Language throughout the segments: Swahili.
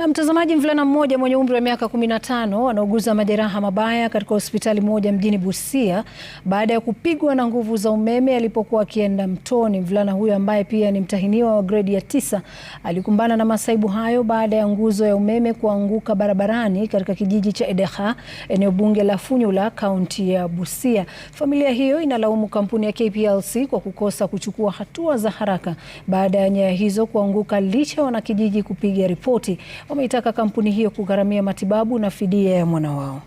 Na Mtazamaji, mvulana mmoja mwenye umri wa miaka 15 anauguza majeraha mabaya katika hospitali moja mjini Busia baada ya kupigwa na nguvu za umeme alipokuwa akienda mtoni. Mvulana huyo ambaye pia ni mtahiniwa wa gredi ya tisa alikumbana na masaibu hayo baada ya nguzo ya umeme kuanguka barabarani katika kijiji cha Edeha, eneo bunge la Funyula, kaunti ya Busia. Familia hiyo inalaumu kampuni ya KPLC kwa kukosa kuchukua hatua za haraka baada ya nyaya hizo kuanguka licha ya wanakijiji kupiga ripoti wameitaka kampuni hiyo kugharamia matibabu na fidia ya mwana wao.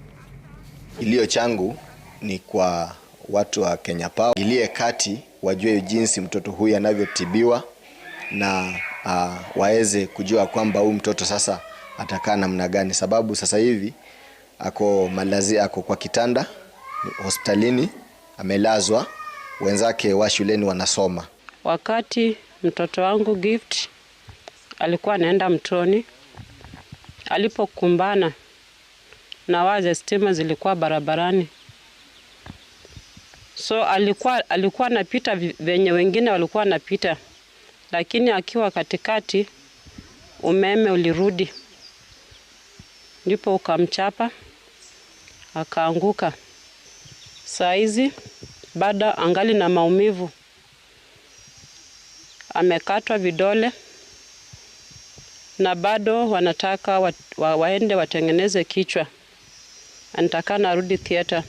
Iliyo changu ni kwa watu wa Kenya Power iliye kati wajue jinsi mtoto huyu anavyotibiwa na uh, waweze kujua kwamba huyu mtoto sasa atakaa namna gani, sababu sasa hivi ako malazi, ako kwa kitanda hospitalini, amelazwa, wenzake wa shuleni wanasoma. Wakati mtoto wangu Gift alikuwa anaenda mtoni alipokumbana na waza stima zilikuwa barabarani, so alikuwa alikuwa anapita venye wengine walikuwa anapita, lakini akiwa katikati umeme ulirudi, ndipo ukamchapa akaanguka. Saa hizi bado angali na maumivu, amekatwa vidole na bado wanataka wa, wa, waende watengeneze kichwa. Anataka narudi theater.